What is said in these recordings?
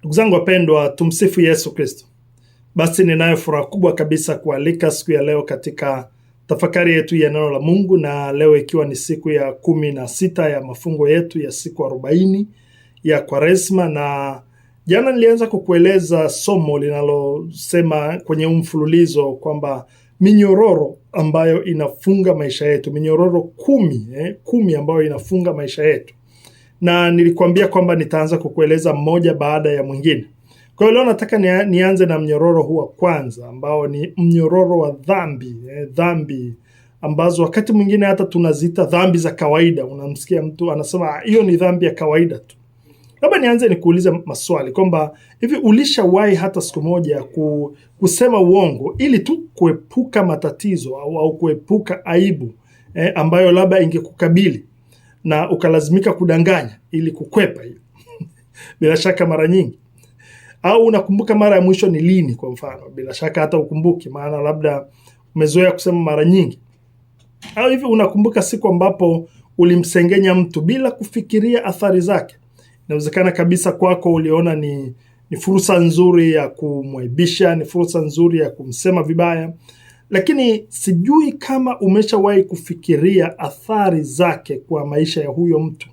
Ndugu zangu wapendwa, tumsifu Yesu Kristo. Basi ninayo furaha kubwa kabisa kualika siku ya leo katika tafakari yetu ya neno la Mungu, na leo ikiwa ni siku ya kumi na sita ya mafungo yetu ya siku arobaini ya Kwaresma. Na jana nilianza kukueleza somo linalosema kwenye mfululizo kwamba minyororo ambayo inafunga maisha yetu, minyororo kumi, eh, kumi ambayo inafunga maisha yetu na nilikuambia kwamba nitaanza kukueleza mmoja baada ya mwingine. Kwa hiyo leo nataka nianze na mnyororo huu wa kwanza ambao ni mnyororo wa dhambi eh, dhambi ambazo wakati mwingine hata tunaziita dhambi za kawaida. Unamsikia mtu anasema ah, hiyo ni dhambi ya kawaida tu. Labda nianze nikuulize maswali kwamba hivi ulishawahi hata siku moja ku, kusema uongo ili tu kuepuka matatizo au, au kuepuka aibu eh, ambayo labda ingekukabili? na ukalazimika kudanganya ili kukwepa hiyo bila shaka mara nyingi. Au unakumbuka mara ya mwisho ni lini? Kwa mfano, bila shaka hata ukumbuki, maana labda umezoea kusema mara nyingi. Au hivi unakumbuka siku ambapo ulimsengenya mtu bila kufikiria athari zake. Inawezekana kabisa kwako uliona ni ni fursa nzuri ya kumwaibisha, ni fursa nzuri ya kumsema vibaya, lakini sijui kama umeshawahi kufikiria athari zake kwa maisha ya huyo mtu.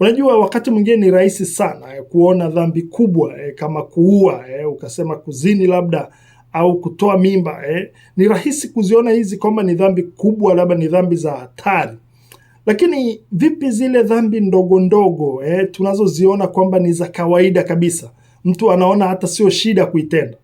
Unajua, wakati mwingine ni rahisi sana eh, kuona dhambi kubwa eh, kama kuua, eh, ukasema kuzini labda au kutoa mimba eh. Ni rahisi kuziona hizi kwamba ni dhambi kubwa, labda ni dhambi za hatari, lakini vipi zile dhambi ndogo ndogo eh, tunazoziona kwamba ni za kawaida kabisa, mtu anaona hata sio shida kuitenda?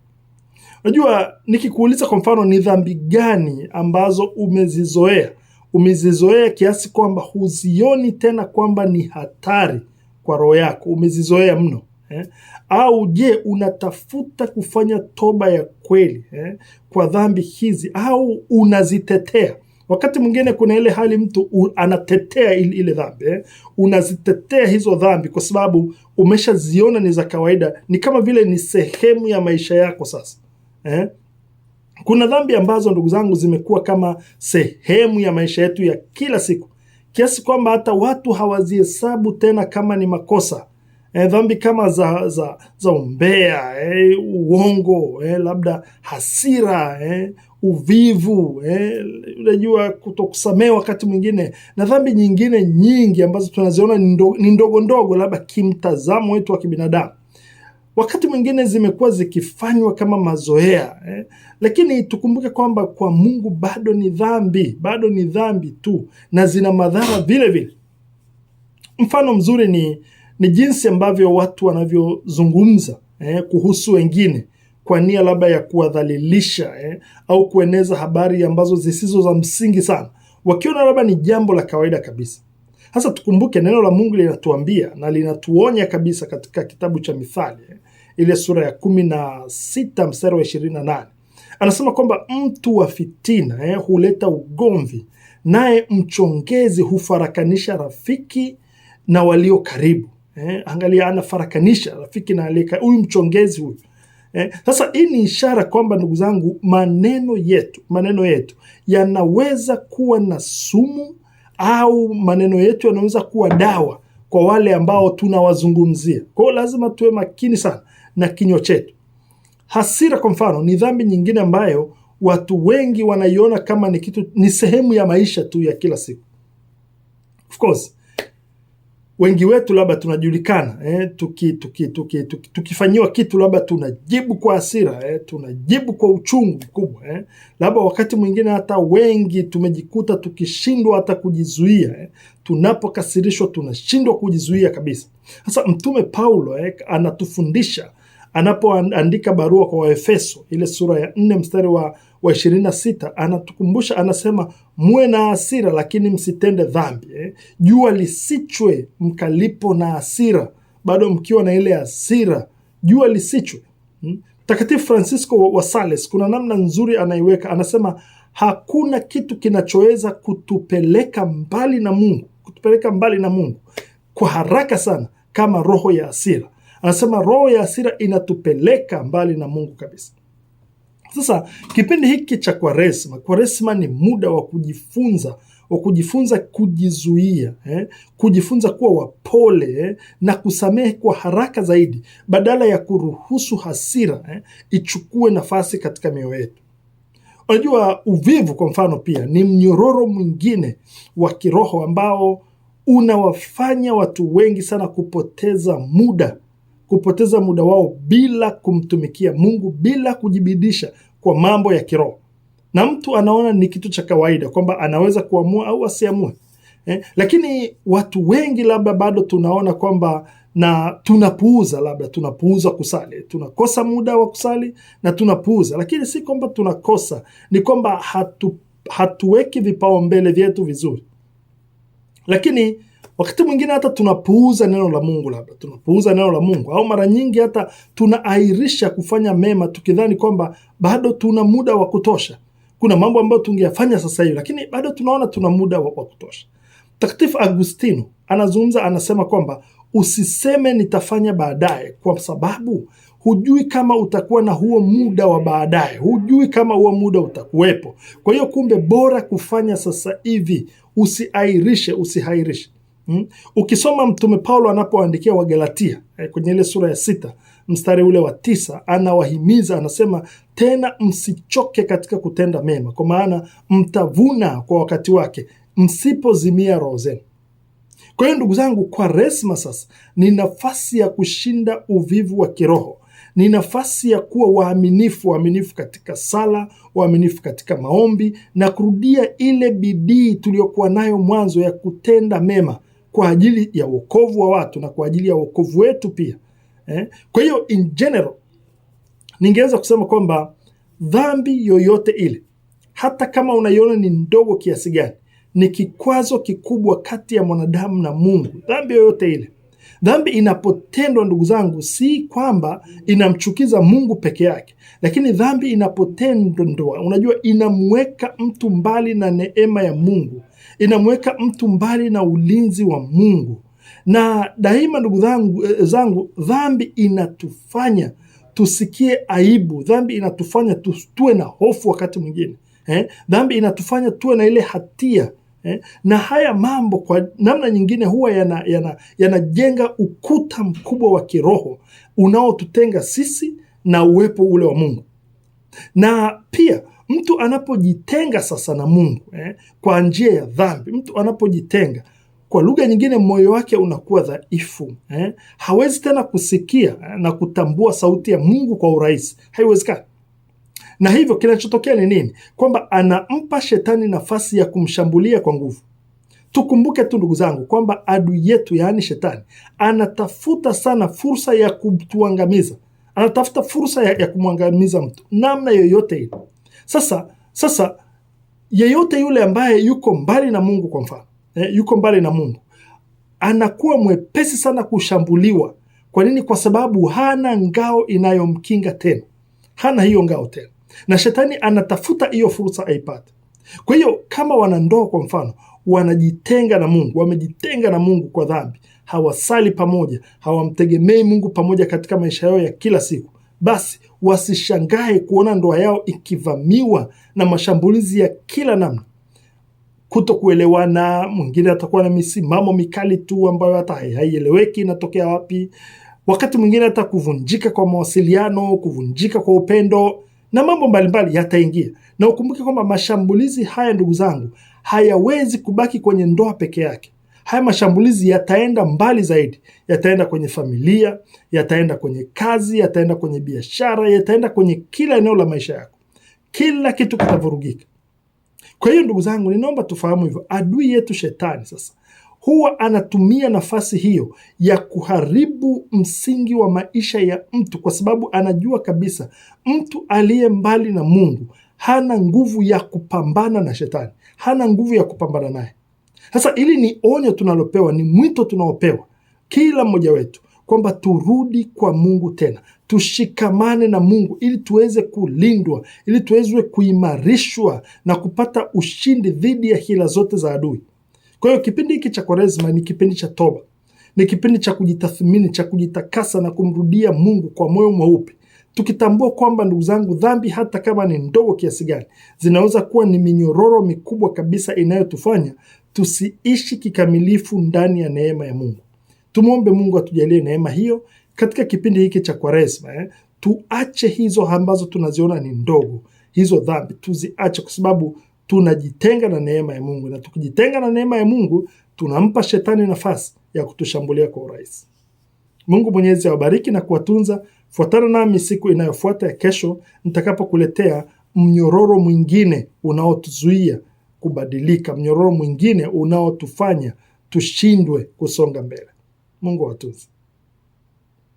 Najua nikikuuliza kwa mfano, ni dhambi gani ambazo umezizoea umezizoea kiasi kwamba huzioni tena kwamba ni hatari kwa roho yako, umezizoea mno eh? Au je, unatafuta kufanya toba ya kweli eh, kwa dhambi hizi au unazitetea? Wakati mwingine kuna ile hali mtu anatetea ile, ile dhambi eh? Unazitetea hizo dhambi kwa sababu umeshaziona ni za kawaida, ni kama vile ni sehemu ya maisha yako sasa eh? Kuna dhambi ambazo ndugu zangu zimekuwa kama sehemu ya maisha yetu ya kila siku kiasi kwamba hata watu hawazihesabu tena kama ni makosa. E, dhambi kama za za, za umbea e, uongo e, labda hasira e, uvivu e, unajua kutokusamea wakati mwingine, na dhambi nyingine nyingi ambazo tunaziona ni ndogo ndogo, labda kimtazamo wetu wa kibinadamu wakati mwingine zimekuwa zikifanywa kama mazoea eh. Lakini tukumbuke kwamba kwa Mungu bado ni dhambi, bado ni dhambi tu, na zina madhara vile vile. Mfano mzuri ni, ni jinsi ambavyo watu wanavyozungumza eh, kuhusu wengine kwa nia labda ya kuwadhalilisha eh, au kueneza habari ambazo zisizo za msingi sana, wakiona labda ni jambo la kawaida kabisa. Sasa tukumbuke neno la Mungu linatuambia na linatuonya kabisa katika kitabu cha Mithali eh, ile sura ya kumi na sita mstari wa ishirini na nane anasema kwamba mtu wa fitina eh, huleta ugomvi, naye mchongezi hufarakanisha rafiki na walio karibu. Eh, angalia, anafarakanisha rafiki na karibu, huyu mchongezi huyu. Eh, sasa hii ni ishara kwamba ndugu zangu, maneno yetu maneno yetu yanaweza kuwa na sumu au maneno yetu yanaweza kuwa dawa kwa wale ambao tunawazungumzia. Kwa hiyo lazima tuwe makini sana na kinywa chetu. Hasira kwa mfano ni dhambi nyingine ambayo watu wengi wanaiona kama ni kitu, ni sehemu ya maisha tu ya kila siku. Of course wengi wetu labda tunajulikana eh, tukifanyiwa tuki, tuki, tuki, tuki kitu labda tunajibu kwa hasira eh, tunajibu kwa uchungu mkubwa eh. Labda wakati mwingine hata wengi tumejikuta tukishindwa hata kujizuia eh. Tunapokasirishwa tunashindwa kujizuia kabisa. Sasa Mtume Paulo eh, anatufundisha anapoandika barua kwa Waefeso ile sura ya nne mstari wa wa ishirini na sita anatukumbusha, anasema muwe na hasira lakini msitende dhambi eh. Jua lisichwe mkalipo na hasira, bado mkiwa na ile hasira jua lisichwe hmm. Mtakatifu Francisco wa Sales kuna namna nzuri anaiweka, anasema hakuna kitu kinachoweza kutupeleka mbali na Mungu, kutupeleka mbali na Mungu kwa haraka sana kama roho ya hasira anasema roho ya hasira inatupeleka mbali na Mungu kabisa. Sasa kipindi hiki cha Kwaresma, Kwaresma ni muda wa kujifunza wa kujifunza kujizuia eh, kujifunza kuwa wapole eh, na kusamehe kwa haraka zaidi badala ya kuruhusu hasira eh, ichukue nafasi katika mioyo yetu. Unajua, uvivu kwa mfano pia ni mnyororo mwingine wa kiroho ambao unawafanya watu wengi sana kupoteza muda kupoteza muda wao bila kumtumikia Mungu, bila kujibidisha kwa mambo ya kiroho. Na mtu anaona ni kitu cha kawaida kwamba anaweza kuamua au asiamue. Eh, lakini watu wengi labda bado tunaona kwamba na tunapuuza, labda tunapuuza kusali, tunakosa muda wa kusali na tunapuuza. Lakini si kwamba tunakosa, ni kwamba hatu, hatuweki vipaumbele vyetu vizuri. Lakini Wakati mwingine hata tunapuuza neno la Mungu, labda tunapuuza neno la Mungu, au mara nyingi hata tunaahirisha kufanya mema, tukidhani kwamba bado tuna muda wa kutosha. Kuna mambo ambayo tungeyafanya sasa hivi, lakini bado tunaona tuna muda wa kutosha. Mtakatifu Agustino anazungumza, anasema kwamba usiseme nitafanya baadaye, kwa sababu hujui kama utakuwa na huo muda wa baadaye, hujui kama huo muda utakuwepo. Kwa hiyo kumbe, bora kufanya sasa hivi, usiahirishe, usihairishe. Hmm? Ukisoma Mtume Paulo anapoandikia Wagalatia eh, kwenye ile sura ya sita mstari ule wa tisa anawahimiza anasema, tena msichoke katika kutenda mema, kwa maana mtavuna kwa wakati wake msipozimia roho zenu. Kwa hiyo ndugu zangu, kwa resma sasa ni nafasi ya kushinda uvivu wa kiroho, ni nafasi ya kuwa waaminifu, waaminifu katika sala, waaminifu katika maombi na kurudia ile bidii tuliyokuwa nayo mwanzo ya kutenda mema kwa ajili ya wokovu wa watu na kwa ajili ya wokovu wetu pia eh? Kwa hiyo in general ningeweza kusema kwamba dhambi yoyote ile, hata kama unaiona ni ndogo kiasi gani, ni kikwazo kikubwa kati ya mwanadamu na Mungu. Dhambi yoyote ile, dhambi inapotendwa, ndugu zangu, si kwamba inamchukiza Mungu peke yake, lakini dhambi inapotendwa, unajua, inamweka mtu mbali na neema ya Mungu inamweka mtu mbali na ulinzi wa Mungu. Na daima, ndugu zangu, eh, eh, dhambi inatufanya tusikie aibu, dhambi inatufanya tuwe na hofu wakati mwingine eh? Dhambi inatufanya tuwe na ile hatia eh? Na haya mambo kwa namna nyingine huwa yanajenga yana, yana ukuta mkubwa wa kiroho unaotutenga sisi na uwepo ule wa Mungu na pia Mtu anapojitenga sasa na Mungu eh, kwa njia ya dhambi, mtu anapojitenga kwa lugha nyingine, moyo wake unakuwa dhaifu eh, hawezi tena kusikia eh, na kutambua sauti ya Mungu kwa urahisi, haiwezekani. Na hivyo kinachotokea ni nini? Kwamba anampa shetani nafasi ya kumshambulia kwa nguvu. Tukumbuke tu ndugu zangu kwamba adui yetu yaani shetani anatafuta sana fursa ya kutuangamiza, anatafuta fursa ya, ya kumwangamiza mtu namna yoyote ile. Sasa sasa yeyote yule ambaye yuko mbali na Mungu kwa mfano eh, yuko mbali na Mungu anakuwa mwepesi sana kushambuliwa. Kwa nini? Kwa sababu hana ngao inayomkinga tena, hana hiyo ngao tena, na shetani anatafuta hiyo fursa aipate. Kwa hiyo kama wanandoa kwa mfano wanajitenga na Mungu, wamejitenga na Mungu kwa dhambi, hawasali pamoja, hawamtegemei Mungu pamoja katika maisha yao ya kila siku, basi wasishangae kuona ndoa yao ikivamiwa na mashambulizi ya kila namna, kuto kuelewana. Mwingine atakuwa na misimamo mikali tu ambayo hata haieleweki inatokea wapi. Wakati mwingine hata kuvunjika kwa mawasiliano, kuvunjika kwa upendo na mambo mbalimbali yataingia. Na ukumbuke kwamba mashambulizi haya, ndugu zangu, hayawezi kubaki kwenye ndoa peke yake haya mashambulizi yataenda mbali zaidi, yataenda kwenye familia, yataenda kwenye kazi, yataenda kwenye biashara, yataenda kwenye kila eneo la maisha yako. Kila kitu kitavurugika. Kwa hiyo ndugu zangu, ninaomba tufahamu hivyo. Adui yetu shetani sasa huwa anatumia nafasi hiyo ya kuharibu msingi wa maisha ya mtu, kwa sababu anajua kabisa mtu aliye mbali na Mungu hana nguvu ya kupambana na shetani, hana nguvu ya kupambana naye. Sasa hili ni onyo tunalopewa, ni mwito tunaopewa kila mmoja wetu kwamba turudi kwa Mungu tena, tushikamane na Mungu ili tuweze kulindwa, ili tuweze kuimarishwa na kupata ushindi dhidi ya hila zote za adui. Kwa hiyo kipindi hiki cha Kwaresma ni kipindi cha toba, ni kipindi cha kujitathmini, cha kujitakasa na kumrudia Mungu kwa moyo mweupe, tukitambua kwamba, ndugu zangu, dhambi hata kama ni ndogo kiasi gani, zinaweza kuwa ni minyororo mikubwa kabisa inayotufanya tusiishi kikamilifu ndani ya neema ya Mungu. Tumwombe Mungu atujalie neema hiyo katika kipindi hiki cha Kwaresma eh, tuache hizo ambazo tunaziona ni ndogo, hizo dhambi tuziache, kwa sababu tunajitenga na neema ya Mungu, na tukijitenga na neema ya Mungu tunampa shetani nafasi ya kutushambulia kwa urahisi. Mungu Mwenyezi awabariki na kuwatunza. Fuatana nami siku inayofuata ya kesho nitakapokuletea mnyororo mwingine unaotuzuia kubadilika, mnyororo mwingine unaotufanya tushindwe kusonga mbele. Mungu awatunze.